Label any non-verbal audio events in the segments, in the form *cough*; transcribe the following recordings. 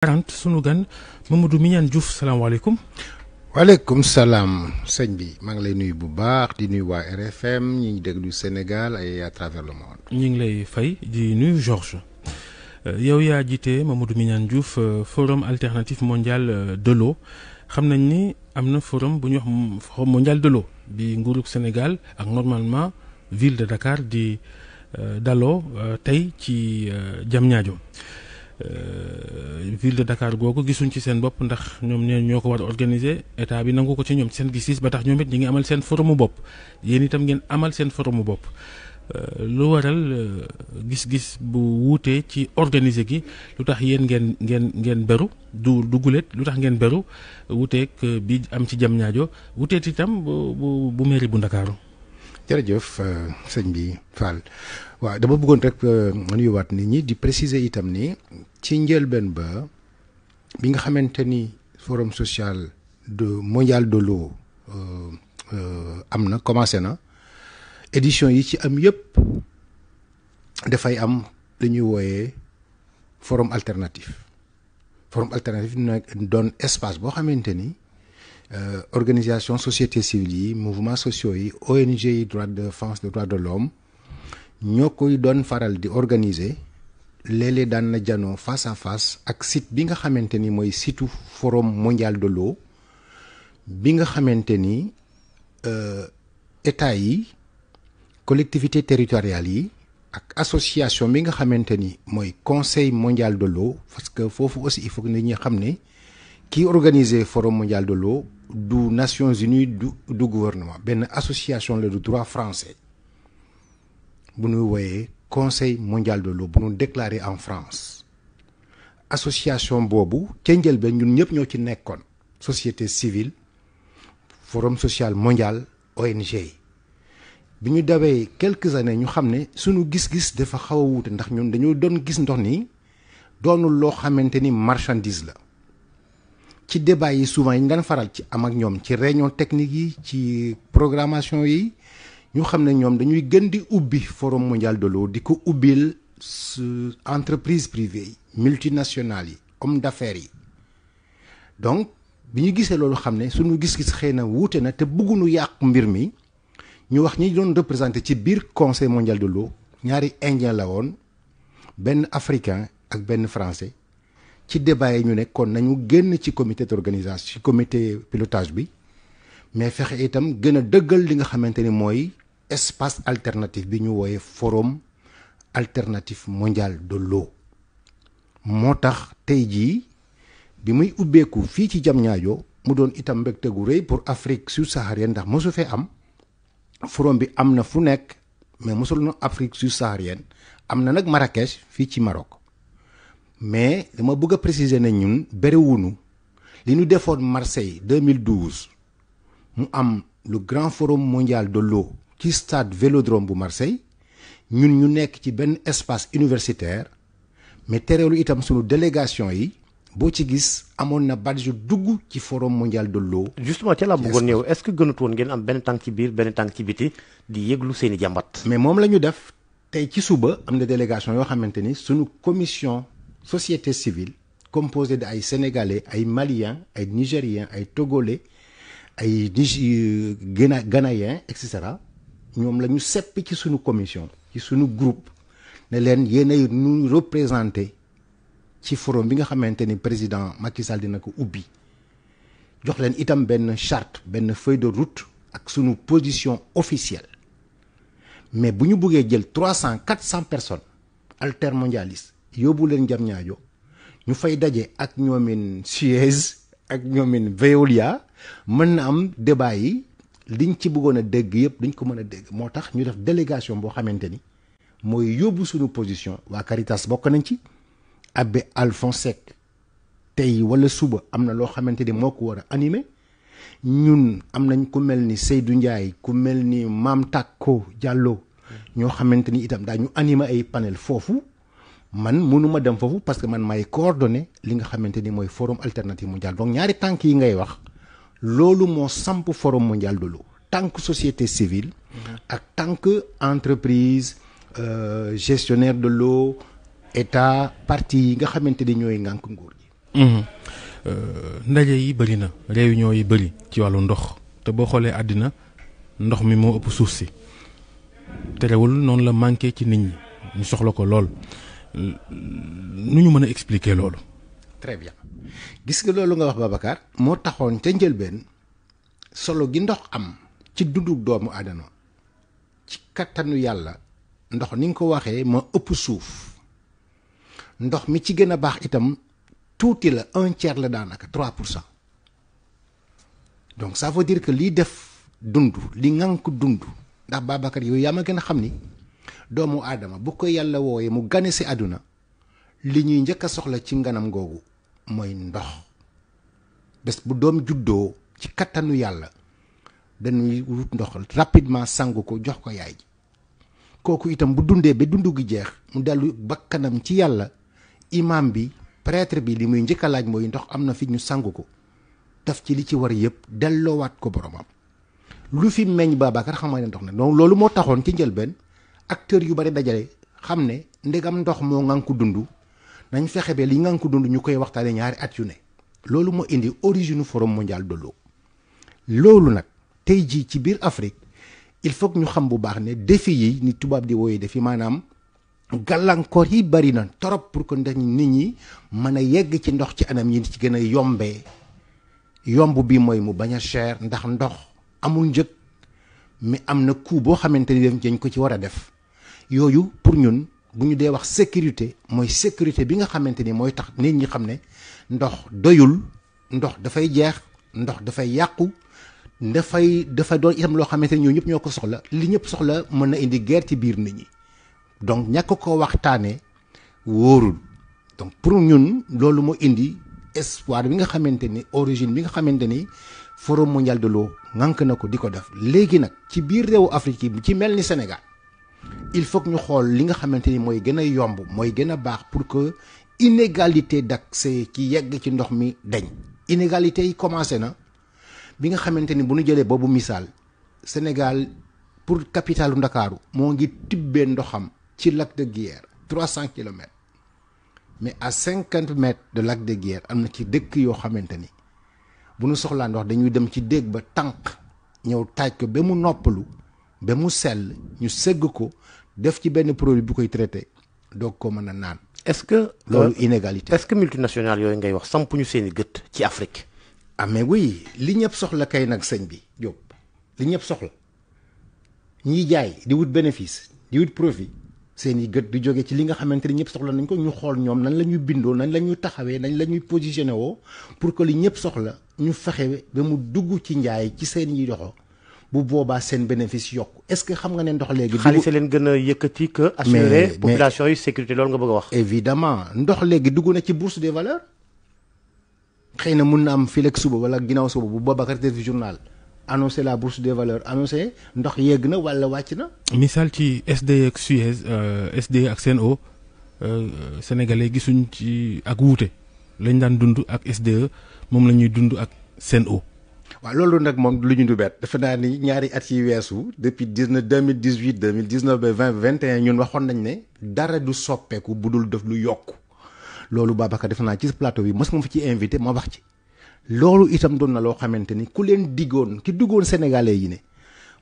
40 sunu gan Mamadou Mignane Diouf salaamaaleykum. waaleykum salaam sëñ bi maa ngi lay nuyu bu baax di nuyu waa RFM ñi déglu Sénégal ay à ñu ngi lay fay di nuyu Georges euh, yow yaa jiite Mamadou Mignane Diouf euh, forum alternatif mondial euh, de xam nañ ni am na forum bu ñuy wax forum mondial de l'eau bi nguurug Sénégal ak normalement ville de Dakar di daloo tey ci ñaajo Euh, ville de Dakar googu gisuñ ci seen bopp ndax ñoom ñoo ñoo ko war a organiser état bi nangu ko ci ñoom seen gis-gis ba tax ñoom it ñi ngi amal seen forumu bopp yéen itam ngeen amal seen forumu bopp euh, lu waral euh, gis-gis bu wuutee ci organiser gi lu tax yéen ngeen ngeen ngeen beru du du guléet lu tax ngeen beru wuuteeg bi am ci jam ñaajo wuuteet itam bu bu bu mairie bu Ndakaaru jërëjëf euh, sëñ bi Fall waaw dama buggoon bëggoon rek euh, nuyuwaat ni ñi di préciser itam ni ci njëlbeen ba bi nga xamante ni forum social de mondial de l'eau euh, am na commencé na édition yi ci am yëpp dafay am li ñuy wooyee forum alternatif forum alternatif nag doon espace boo xamante ni Euh, organisation société civile yi mouvement sociaux yi ONG yi droit de défense des droits de l'homme ñoo koy doon faral di organiser léeg daan na janoo face à face ak site bi nga xamante ni mooy situ forum mondial de l'eau bi nga xamante ni euh, état yi collectivité territoriale yi ak association bi nga xamante ni mooy conseil mondial de l'eau parce que foofu aussi il faut que nit ñi xam ne kii organiser forum mondial de l'eau du Nations Unies du du gouvernement benn association la du droit francais bu nuy wooyee conseil mondial de l'eau bu ñu déclaré en France association boobu ca njëlbeen ñun ñëpp ñoo ci nekkoon société civile forum social mondial ONG yi bi ñu dawee quelques années ñu xam ne suñu gis-gis dafa xaw a wuute ndax ñun dañoo doon gis ndox ni doonul loo xamante ni marchandise la ci débat yi souvent yi ñu daan faral ci am ak ñoom ci réunion technique yi ci programmation yi ñu xam ne ñoom dañuy gën di ubbi forum mondial de l'eau di ko ubbil entreprise privée yi multinationales yi homme d'affaires yi donc bi ñu gisee loolu xam ne suñu gis-gis xëy na wuute na te bëgguñu yàq mbir mi ñu wax ñi doon représenté ci biir conseil mondial de ñaari indien la woon benn africain ak benn français ci débat yi ñu ne kon nañu génn ci comité d'organisation ci comité pilotage bi mais fexe itam gën a dëggal li nga xamante ni mooy espace alternatif bi ñu wooye forum alternatif mondial de l'eau moo tax tey jii bi muy ubbeeku fii ci Diamniadio mu doon itam mbégte gu rëy pour Afrique subsaharienne ndax mosu fee am forum bi am na fu nekk mais mosul na Afrique subsaharienne am na nag Marrakech fii ci Maroc mais dama bëgg a préciser ne ñun bëriwunu li ñu defoon Marseille 2012 mu am lu grand forum mondial de l'eau ci stade Vélodrome bu Marseille ñun ñu nekk ci benn espace universitaire mais tereelu itam sunu délégation yi boo ci gis amoon na badge yu dugg ci forum mondial de l'eau justement ca laa bëggoon ñëw est-ce que gënatoon ngeen am benn tànk ci biir benn tànk ci biti di yëglu seen i jàmbat mais moom la ñu def tey ci suba am na délégation yoo xamante ni sunu commission société civile composé de ay sénégalais ay maliens ay nigériens ay togolais ay nigi euh, gana ghanéens et cetera ñoom la ñu sepp ci suñu commission ci suñu groupe ne leen yéenay nu représenté ci forum bi nga xamante ni président Macky Sall dina ko ubbi jox leen itam benn charte benn feuille de route ak sunu position officielle mais bu ñu buggee jël trois cent quatre cent personnes altermondialistes yóbbu leen jamñaajo ñu fay daje ak ñoomin Suez ak ñoomin Veolia mën na am débat yi liñ ci bëggoon a dégg yëpp duñ ko mën a dégg moo tax ñu def délégation boo xamante ni mooy yóbbu suñu position waa Caritas bokk nañ ci abbé Alphonse Seck tey wala suba am na loo xamante ni moo ko war a animé ñun am nañ ku mel ni Seydou Ndiaye ku mel ni Mame Tako jàlloo ñoo xamante ni itam daa ñu animé ay panel foofu man mënuma dem foofu parce que man may coordonné li nga xamante ni mooy forum alternative mondial donc ñaari tànk yi ngay wax loolu moo samp forum mondial de l'eau tànk société civile mhm. ak tànk entreprise euh, gestionnaire de l'eau état parti yi nga xamante ni ñooy ngànk nguur gi mhm. euh, ndaje yi bëri na réunion yi bëri ci wàllu ndox te boo xoolee àddina ndox mi moo ëpp suuf si terewul noonu la manqué ci nit ñi ñu soxla ko lool nu ñu mën a expliquer loolu. très gis nga loolu nga wax Babacar. moo taxoon ca njëlbeen solo gi ndox am ci dundu doomu aadama ci kattanu yàlla ndox ni nga ko waxee ma ëpp suuf ndox mi ci gën a baax itam tuuti la un tiers la daanaka trois pour cent donc ça veut que liy def dund li ngank dund ndax Babacar yooyu yaa ma gën a xam ni. doomu aadama bu ko yàlla wooyee mu gane si àdduna li ñuy njëkk a soxla ci nganam googu mooy ndox bés bu doom juddoo ci kattanu yàlla dañuy wut ndox rapidement sangu ko jox ko yaay ji kooku itam bu dundee ba dund gi jeex mu dellu bakkanam ci yàlla imam bi prêtre bi li muy njëkk laaj mooy ndox am na fi ñu sangu ko daf ci li ci war yëpp delloowaat ko boromam lu fi meññ Babacar xam nga ne ndox na donc loolu moo taxoon ci njëlbeen acteurs yu bari dajale xam ne ndegam ndox moo ngan ko dund nañ fexe ba li ngan ko dund ñu koy waxtaane ñaari at yu ne loolu moo indi origine forum mondial de loolu nag tey jii ci biir Afrique il faut ñu xam bu baax ne défi yi ni tubaab di wooyee defi maanaam gàllankoor yi bari na trop pour que ndax nit ñi mën a yegg ci ndox ci anam yi ci gën a yombee yomb bi mooy mu bañ a cher ndax ndox amul njëg mais am na coût boo xamante ni dañ ko ci war a def yooyu pour ñun bu ñu dee wax sécurité mooy sécurité bi nga xamante ni mooy tax nit ñi xam ne ndox doyul ndox dafay jeex ndox dafay yàqu dafay dafa doon itam loo xamante ni ñoo ñëpp ñoo ko soxla li ñëpp soxla mën na indi guerre ci biir nit ñi donc ñàkk ko waxtaanee wóorul donc pour ñun loolu moo indi espoir bi nga xamante ni origine bi nga xamante ni forum mondial de l'eau ngànk na ko di ko def léegi nag ci biir réewu Afrique yi ci mel ni Sénégal il faut ñu xool li nga xamante ni mooy gën a yomb mooy gën a baax pour que inégalité d'accès ci yegg ci ndox mi dañ inégalité yi commencé na bi nga xamante ni bu ñu jëlee boobu misaal Sénégal pour capitalu Ndakaaru moo ngi tibbee ndoxam ci lac de Guiers trois cent kilomètres mais à cinquante de lac de Guiers am na ci dëkk yoo xamante ni bu nu soxlaa ndox dañuy dem ci déeg ba tànk ñëw taaj ko ba mu noppalu ba mu sell ñu sëgg ko def ci benn produit bu koy traité doog ko mën a naan. est-ce que loolu euh, inégalité est-ce que yooyu ngay wax samp ñu seen i gët ci Afrique. ah mais oui li ñëpp soxla kay nag sëñ bi Diop li ñëpp soxla ñiy jaay di wut bénéfice di wut profit seen i gët di jóge ci li nga xamante ni ñëpp soxla nañ ko ñu xool ñoom nañ la ñuy bindoo nañ la ñuy taxawee nañ la ñuy positionné woo pour que li ñëpp soxla ñu fexe ba mu dugg ci njaay ci seen yi doxo bu boobaa seen bénéfice yokku est-ce que xam nga ne ndox léegi. xaalis leen gën a yëkkati que. assurer sécurité loolu nga bëgg a wax. évidemment ndox léegi dugg na ci bourse de valeurs xëy na mun na am fii suba wala ginnaaw suba bu Babacar def journal annoncé la bourse des valeurs annoncé ndox yegg na wala wàcc na. missal ci SDE ak Suez euh, sd ak seen Sen'Eau euh, sénégalais gisuñ ci ak wuute lañ daan dund ak sd e, moom la ñuy dund ak seen o waaw loolu nag moom lu ñu du bet defe naa ni ñaari at yi weesu depuis dix neuf deux mille dix huit deux mille dix neuf ba vingt vingt et ñun waxoon nañ ne dara du soppeeku bu dul def lu yokk loolu Babacar defe naa ci plateau bi mos ma fa ci invité ma wax ci. loolu itam doon na loo xamante ni ku leen diggoon ki duggoon sénégalais yi ne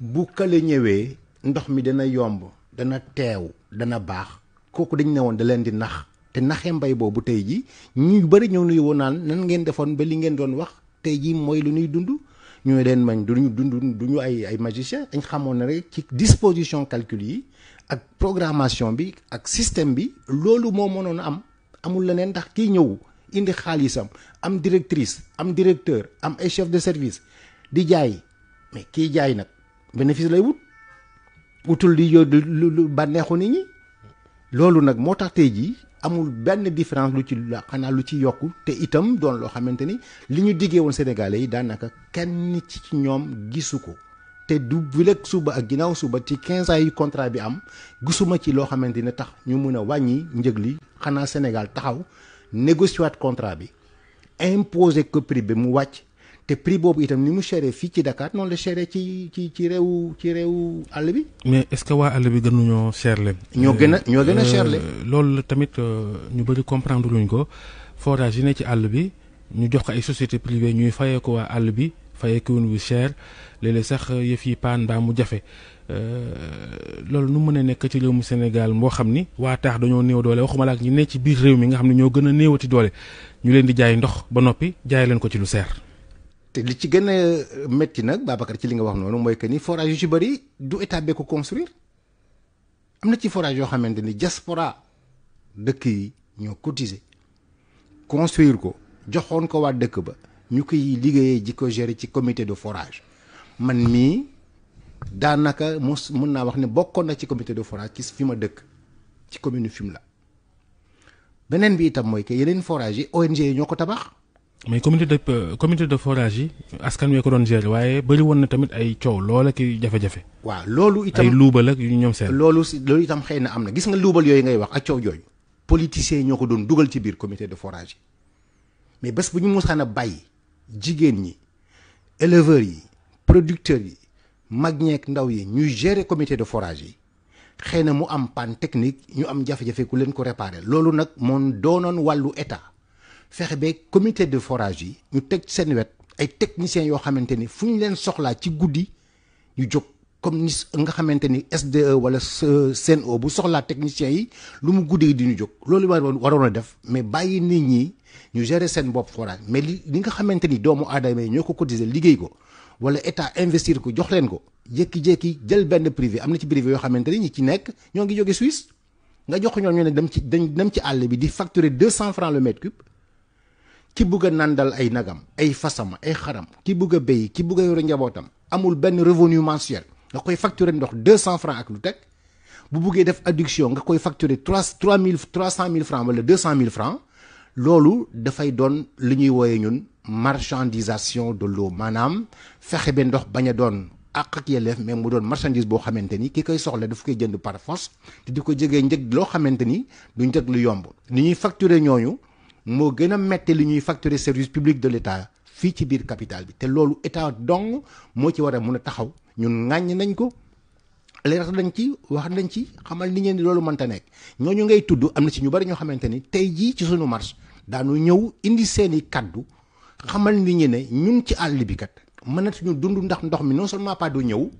bu kale ñëwee ndox mi dana yomb dana teew dana baax kooku dañ ne woon da leen di nax te naxee mbay boobu tey ji ñu bëri ñëw nuyu woon naan nan ngeen defoon ba li ngeen doon wax. tey jii mooy lu ñuy dund ñooy leen mañ duñu dund duñu ay ay magicien añ xamoon na rek ci disposition calcul yi ak programmation bi ak système bi loolu moo mënoon am amul leneen ndax kii ñëw indi xaalisam am directrice am directeur am ay chef de service di jaay mais kii jaay nag bénéfice lay wut wutul di yóbbu lu bànneexu ni ñi loolu nag moo tax tey jii amul benn différence lu ci xanaa lu ci yokk te itam doon loo xamante ni li ñu diggee woon Sénégalais yi daanaka kenn ci ñoom gisu ko te du bileeg suba ak ginnaaw suba ci 15 ans yu contrat bi am gisuma ci loo xamante ne tax ñu mun a wàññi njëg li xanaa Sénégal taxaw négocier waat contrat bi imposer ko bi mu wàcc. te prix boobu itam ni mu chéré fii ci Dakar noonu la chéré ci ci ci réew ci réew àll bi. mais est-ce que waa àll bi gënuñoo cher leen. ñoo gën a euh, ñoo gën a euh, cher leen. loolu tamit euh, ñu bëri comprendre luñ ko forage yi ne ci àll bi ñu jox ko ay société privée ñuy fayee ko waa àll bi fayee ko wu cher léeg sax yëf yi paan mbaa mu jafe. loolu nu mun a nekk ci réew mu Sénégal moo xam ni waa taax dañoo néew doole waxuma la ak ñi ne ci biir réew mi nga xam ne ñoo gën a néewati doole ñu leen di jaay ndox ba noppi jaay leen ko ci lu seer. te li ci gën a métti nag Babacar ci li nga wax noonu mooy que ni forage yu ci bëri du état bee ko construire am na ci forage yoo xamante ni diaspora dëkk yi ñoo cotiser construire ko joxoon ko waa dëkk ba ñu koy liggéeyee ji ko gérer ci comité de forage man mii daanaka mos mun naa wax ne bokkoon na ci comité de forage kis fi ma dëkk ci fim la beneen bi itam mooy que yeneen forage yi ONG yi ñoo ko tabax. mais comité de euh, comité de forage yi askan wee ko doon gérer waaye bëri woon na tamit ay coow loola ki jafe-jafe. waaw loolu itam ay luubal ak yu ñoom seen. loolu si loolu itam xëy na am na gis nga luubal yooyu ngay wax ak coow yooyu. politiciens yi ñoo ko doon dugal ci biir comité de forage yi mais bés bu ñu mosaan a bàyyi jigéen ñi éleveurs yi producteur yi mag ñeek ndaw yi ñuy gérer commité de forage yi xëy na mu am panne technique ñu am jafe-jafe leen ko réparer loolu nag moom doonoon wàllu état. fexe ba comité de forage yi ñu teg seen wet ay techniciens yoo xamante ni fu ñu leen soxlaa ci guddi ñu jóg comme ni nga xamante ni SDE wala CNO e bu soxlaa techniciens yi lu mu guddi di ñu jóg loolu waroon a def mais bàyyi nit ñi ñu gérer seen bopp forage mais li nga xamante ni doomu aadama yi ñoo ko cotiser liggéey ko wala état investir ko jox leen ko jékki-jékki jël benn privé am na ci privé yoo xamante ni ñi ci nekk ñoo ngi jóge Suisse nga jox ñoo ñu ne dem ci dañ dem ci àll bi di facturer deux cent francs le ki bugg a nandal ay nagam ay fasama ay xaram ki bugg béy ki bugg yore njabootam amul benn revenu mensuel nga koy facturer ndox deux cent francs ak lu teg bu buggee def adduction nga koy facturer trois trois mille trois cent mille francs wala deux cent mille francs loolu dafay doon li ñuy wooye ñun marchandisation de l'eau maanaam fexe ba ndox bañ a doon àq ak yelleef mais mu doon marchandise boo xamante ni ki koy soxla daf koy jënd par force te di ko jegee njëg loo xamante ni du njëg lu yomb ni ñuy facturer ñooñu moo gën a metti li ñuy facturer service public de l'État fii ci biir capitale bi te loolu état dong moo ci war a mun a taxaw ñun ŋàññ nañ ko leeral nañ ci wax nañ ci xamal ni ngeen ni loolu mënta nekk ñooñu ngay tudd am na ci ñu bari ñoo xamante ni tey jii ci sunu marche daanu ñëw indi seeni kàddu xamal ni ñi ne ñun ci àll bi kat suñu dund ndax ndox mi non seulement pas du ñëw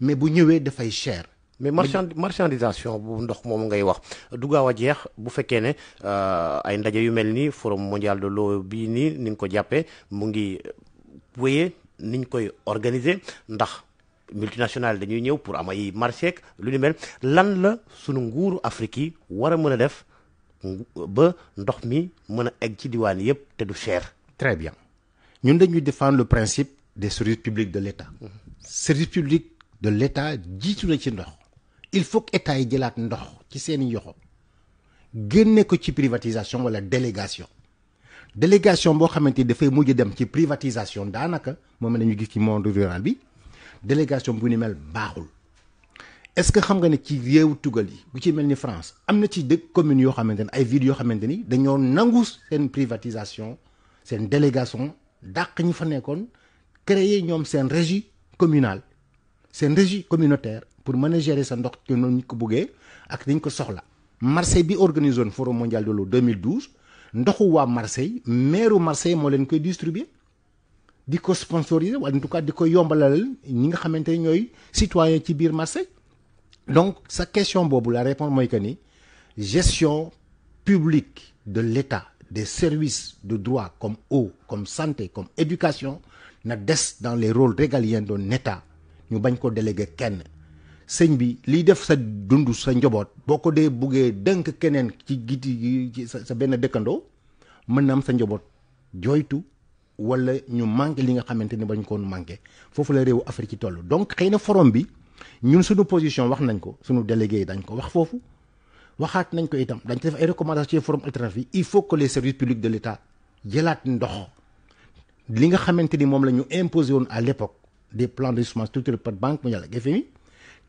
mais bu ñëwee dafay cher mais marchand marchandisation bu ndox moom ngay wax du gaaw a jeex bu fekkee ne euh, ay ndaje yu mel nii forum mondial de l'eau bii nii ni nga ko jàppee mu ngi wéyee niñ koy organiser ndax multinationale dañuy ñëw pour am ay marché lu ni mel lan la sunu nguuru Afrique yi war a mën a def ba ndox mi mën a egg ci diwaan yépp te du cher. très bien ñun dañuy défendre le principe des services publique de l'État. Mmh. service publique de l'État jiitu na ci ndox. il faut que état yi jëlaat ndox ci seeni yoxo génne ko ci privatisation walla délégation délégation boo xamante ni dafay mujj dem ci privatisation daanaka moom la ñu gis ci monde rural bi délégation bu ni mel baaxul est-ce que xam nga ne ci réew tugal yi bu ci mel ni France am na ci dëkk communes yoo xamante ne ay villes yoo xamante ni dañoo nangu seen privatisation seen délégation dàq ñi fa nekkoon créer ñoom seen régie communale seen régie communautaire pour mën a gérer sa ndox te noonu ñu ko buggee ak dañ ko soxla Marseille bi organisé woon forum mondial de l'eau 2012 ndoxu waa Marseille maire Marseille moo leen koy distribuer di ko sponsoriser wala en tout cas di ko yombalal ñi nga xamante ne ñooy citoyen ci biir Marseille donc sa question boobu la réponse mooy que ni gestion publique de l'État des service de droit comme eau comme santé comme éducation na des dans les rôles régaliens d'un État ñu bañ ko déléguer kenn sëñ bi liy def sa dund sa njaboot boo ko dee buggee dënk keneen ci giti sa sa benn dëkkandoo mën na am sa njoboot jooytu wala ñu manqué li nga xamante ne bañ koon manqué foofu la réewu Afrique ci toll donc xëy na forum bi ñun suñu position wax nañ ko suñu délégué dañ ko wax foofu waxaat nañ ko itam dañ ko def ay recommandations ci forum alternatif il faut que les services publics de l'État jëlaat ndox li nga xamante ni moom la ñu imposé woon à l'époque des plans d'investissement structurés par banque mondiale ak FMI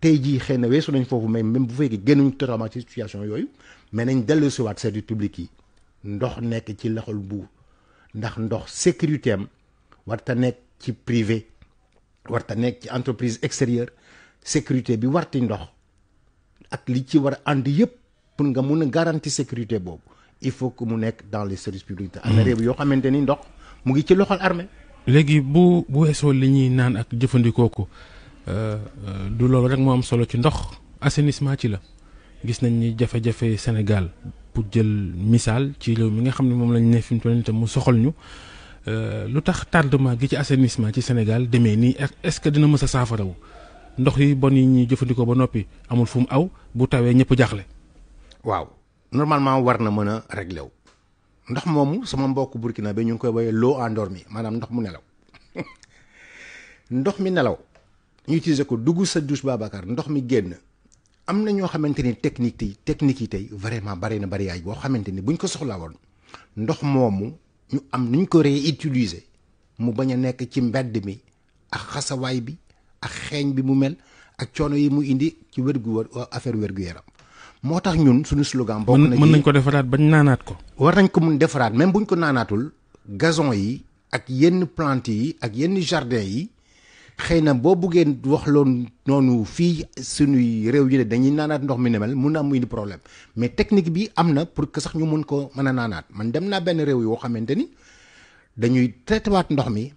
tey jii xëy na weesu nañ foofu mais même bu fekkee génnuñ totalement ci situation yooyu mais nañ dellu si waat service public yi ndox nekk ci loxol buur ndax ndox sécurité am warta nekk ci privé warta nekk ci entreprise extérieure sécurité bi warti ndox ak li ci war a ànd yëpp pour nga mun garanti garantie sécurité boobu il faut que mu nekk dans les services publics. am na hmm. réew yoo xamante ni ndox mu ngi ci loxol armée léegi bu bu weesoo li ñuy naan ak jëfandikoo ko Euh, euh, du loolu rek moo am solo ci ndox assainissement ci la gis nañ ni jafe-jafe Sénégal pour jël misaal ci réew mi nga xam ne moom lañ ne fi mu toll nii te mu soxal ñu euh, lu tax tardement gi ci assainissement ci senegal demee nii est-ce que dina mës a saafarawu ndox yi bon yi ñuy jëfandikoo ba noppi amul fu mu aw bu tawee ñëpp jaaxle. waaw normalement war na mën a réglé wu ndox moomu sama mbokk Burkina ba ñu ngi koy woowee l'eau endormie maanaam ndox mu nelaw *laughs* ndox mi nelaw. ñu utiliser ko dugg sa douche Babacar ndox mi génn am na ñoo xamante ni technique yi technique yi tey vraiment bari na bari yaay boo xamante ni buñ ko soxlaa woon ndox moomu ñu am nuñ ko réutiliser mu bañ a nekk ci mbedd mi ak xasawaay bi ak xeeñ bi mu mel ak coono yi mu indi ci wérgu affaire wérgu yaram moo tax ñun suñu slogan. bokk na mën nañ ko defaraat bañ naanaat ko. war nañ ko mun defaraat même buñ ko naanaatul gazon yi ak yenn plante yi ak yenn jardin yi. xëy na boo buggee wax loon noonu fii suñuy réew yi ne dañuy naanaat ndox mi ne mel mun na am indi problème mais technique bi am na pour que sax ñu mun ko mën a naanaat man dem naa benn réew yoo xamante ni dañuy traité waat ndox mi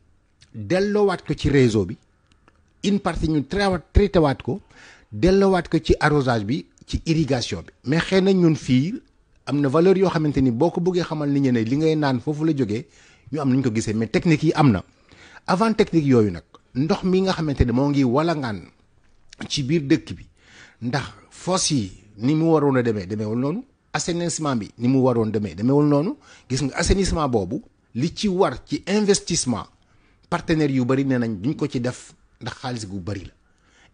delloowaat ko ci réseau bi une partie ñu traité waat ko dellowaat ko ci arrosage bi ci irrigation bi mais xëy na ñun fii am na valeur yoo xamante ni boo ko bëggee xamal ni ñi ne li ngay naan foofu la jógee ñu am nañ ko gisee mais technique yi am na avant technique yooyu nag ndox mi nga xamante ne moo ngi walangaan ci biir dëkk bi ndax fosse yi ni mu waroon a demee demeewul noonu assainissement bi ni mu waroon demee demeewul noonu gis nga assainissement boobu li ci war ci investissement partenaires yu bëri nee nañ duñ ko ci def ndax xaalis gu bëri la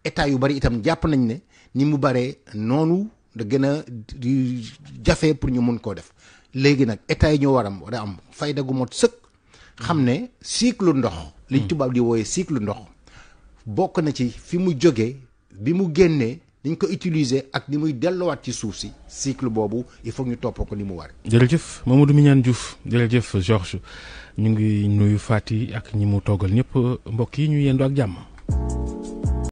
état yu bëri itam jàpp nañ ne ni mu baree noonu da gën a jafe pour ñu mun koo def léegi nag état yi ñoo war a am fayda gu mot sëkk. xam ne cycle ndox liñ hmm. tubaab di wooye cycle ndox bokk na ci fi mu jógee bi mu génnee niñ ko utiliser ak ni muy delluwaat ci suuf si cycle boobu il faut ñu topp ko ni mu war jërëjëf Mamadou Mignane Diouf jërëjëf Georges ñu ngi nuyu yi ak ñi mu toggal ñëpp mbokk yi ñu yendu ak jàmm